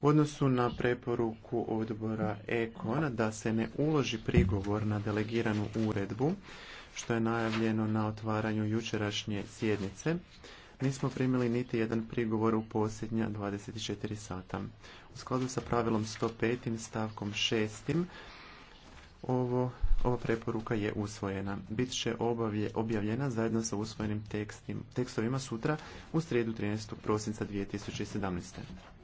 U odnosu na preporuku odbora EKON da se ne uloži prigovor na delegiranu uredbu, što je najavljeno na otvaranju jučerašnje sjednice, nismo primili niti jedan prigovor u posljednja 24 sata. U skladu sa pravilom 105. stavkom 6. Ovo, ova preporuka je usvojena. Bit će objavljena zajedno sa usvojenim tekstovima sutra u srijedu 13. prosinca 2017.